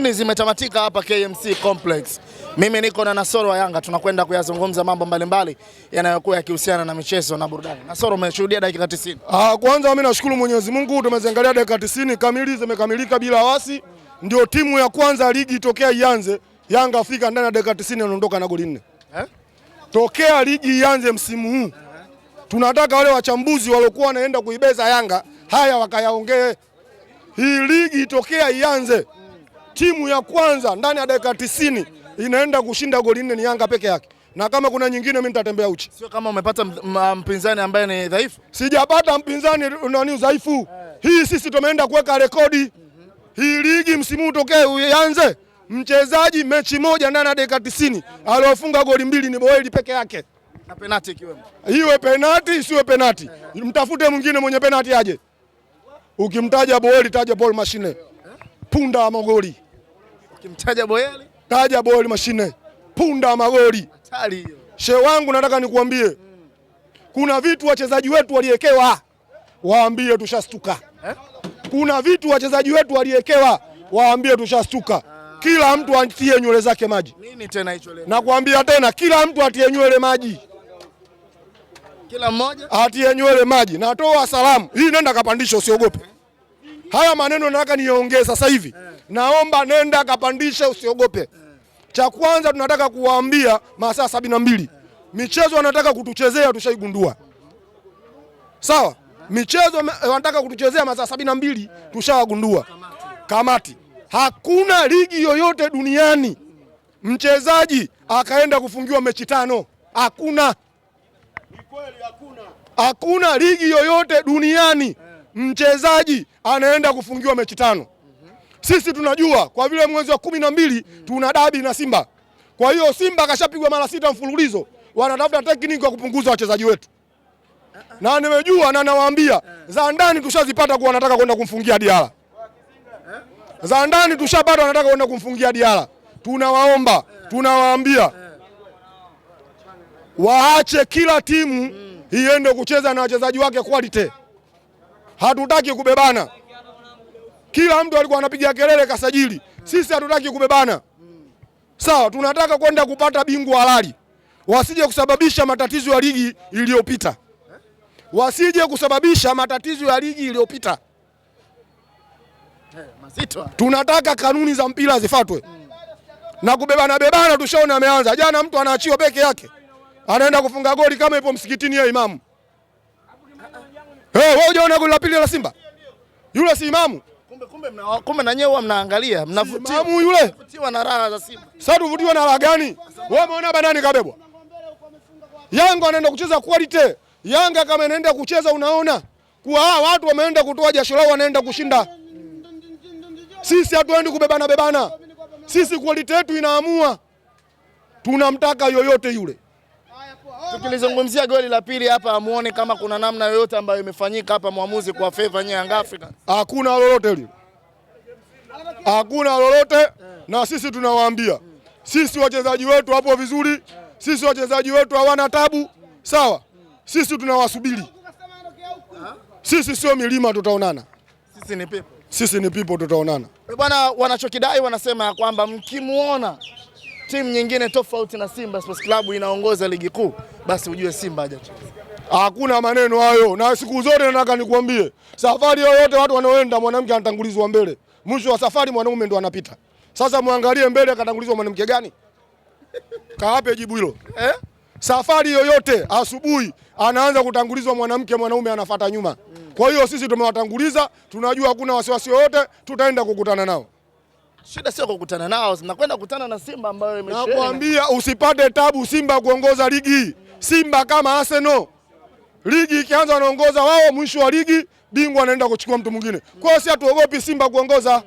Lesini zimetamatika hapa KMC Complex. Mimi niko na Nasoro wa Yanga, tunakwenda kuyazungumza mambo mbalimbali yanayokuwa yakihusiana na michezo na burudani. Nasoro, umeshuhudia dakika 90. Ah, kwanza mimi nashukuru Mwenyezi Mungu, tumeziangalia dakika 90 kamili, zimekamilika bila wasi. Ndio timu ya kwanza ligi tokea ianze, Yanga afika ndani ya dakika 90 anaondoka na goli nne. Eh? Tokea ligi ianze msimu huu. Tunataka wale wachambuzi waliokuwa wanaenda kuibeza Yanga haya wakayaongee. Hii ligi tokea ianze timu ya kwanza ndani ya dakika tisini inaenda kushinda goli nne ni Yanga peke yake, na kama kuna nyingine mimi nitatembea uchi. Sio kama umepata mpinzani ambaye ni dhaifu. Sijapata mpinzani nani udhaifu. Eh. Hii sisi tumeenda kuweka rekodi hii ligi msimu utokee uanze, mchezaji mechi moja ndani ya dakika tisini aliofunga goli mbili ni Boeli peke yake, na penati ikiwemo. Iwe penati isiwe penati, mtafute mwingine mwenye penati aje. Ukimtaja Boeli, taja Paul Mashine, punda wa magoli. Ukimtaja Boyeli, taja Boyeli mashine, punda magoli. Hatari hiyo. Shehe wangu nataka nikuambie Kuna vitu wachezaji wetu waliekewa, waambie tushastuka eh? Kuna vitu wachezaji wetu waliekewa, waambie tushastuka ah. kila mtu atie nywele zake maji. Nini tena hicho leo? Nakwambia tena, kila mtu atie nywele maji, kila mmoja atie nywele maji. Natoa salamu hii, nenda kapandisha, usiogope. Haya maneno nataka niyaongee sasa hivi, eh. naomba nenda kapandishe, usiogope. Eh. Cha kwanza tunataka kuwaambia masaa sabini na mbili eh. michezo wanataka kutuchezea, tushaigundua sawa. Michezo wanataka kutuchezea masaa sabini na mbili tushawagundua kamati. Hakuna ligi yoyote duniani mchezaji akaenda kufungiwa mechi tano, hakuna. Hakuna ligi yoyote duniani mchezaji anaenda kufungiwa mechi tano. Sisi tunajua kwa vile mwezi wa kumi na mbili tuna dabi na Simba, kwa hiyo Simba kashapigwa mara sita mfululizo, wanatafuta tekniki ya kupunguza wachezaji wetu na nimejua na nawaambia za ndani tushazipata kwa wanataka kwenda kumfungia Diara. za ndani tushapata wanataka kwenda kumfungia Diara. Tunawaomba, tunawaambia waache kila timu iende kucheza na wachezaji wake quality hatutaki kubebana. Kila mtu alikuwa anapiga kelele kasajili, sisi hatutaki kubebana. Sawa, tunataka kwenda kupata bingwa halali, wasije kusababisha matatizo ya ligi iliyopita, wasije kusababisha matatizo ya ligi iliyopita. Tunataka kanuni za mpira zifatwe na kubebana bebana, tushaona ameanza jana. Mtu anaachiwa peke yake anaenda kufunga goli kama ipo msikitini ya imamu. Eh, wewe hujaona goli la pili la Simba yule si imamu? Kumbe kumbe mna kumbe na nyewe mnaangalia mnavutiwa yule. Mnavutiwa na raha za Simba. Sasa tuvutiwa na raha gani? Wewe umeona banani kabebwa? Yanga anaenda kucheza quality. Yanga kama anaenda kucheza unaona kuwa hawa watu wameenda kutoa jasho lao wanaenda kushinda. Sisi hatuendi kubebana bebana. Sisi quality yetu inaamua. Tunamtaka yoyote yule tukilizungumzia goli la pili hapa, amuone kama kuna namna yoyote ambayo imefanyika hapa mwamuzi kwa favor ya Young Africa. Hakuna lolote lile, hakuna lolote na sisi tunawaambia sisi wachezaji wetu hapo vizuri, sisi wachezaji wetu hawana tabu, sawa. Sisi tunawasubiri, sisi sio milima, tutaonana. Sisi ni pepo, sisi ni pepo, tutaonana eh, bwana. Wanachokidai wanasema ya kwamba mkimwona timu nyingine tofauti na Simba Sports Club inaongoza ligi kuu basi ujue Simba hajacheza. Hakuna maneno hayo, na siku zote nataka nikwambie, safari yoyote watu wanaoenda, mwanamke anatangulizwa mbele, mwisho wa safari mwanaume ndo anapita. Sasa mwangalie mbele, akatangulizwa mwanamke gani? Kaape jibu hilo eh? Safari yoyote asubuhi anaanza kutangulizwa mwanamke, mwanaume anafata nyuma. Kwa hiyo sisi tumewatanguliza, tunajua hakuna wasiwasi yoyote tutaenda kukutana nao. Shida sio kukutana nao, nakwenda kukutana na Simba ambayo imeshaenda. Nakwambia usipate tabu, Simba kuongoza ligi. Simba kama Arsenal, ligi ikianza wanaongoza wao, mwisho wa ligi bingwa anaenda kuchukua mtu mwingine. Kwa hiyo si hatuogopi Simba kuongoza.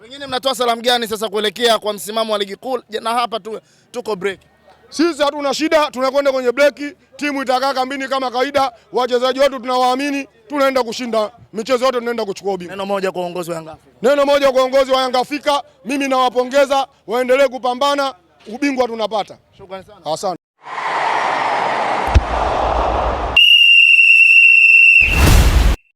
Wengine mnatoa salamu gani sasa kuelekea kwa msimamo wa ligi kuu? Na hapa tu, tuko break. Sisi hatuna shida, tunakwenda kwenye breki. Timu itakaa kambini kama kawaida, wachezaji wetu tunawaamini, tunaenda kushinda michezo yote, tunaenda kuchukua ubingwa. Neno moja kwa uongozi wa Yanga Afrika, neno moja kwa uongozi wa Yanga Afrika, mimi nawapongeza, waendelee kupambana, ubingwa tunapata. Shukrani sana, asante.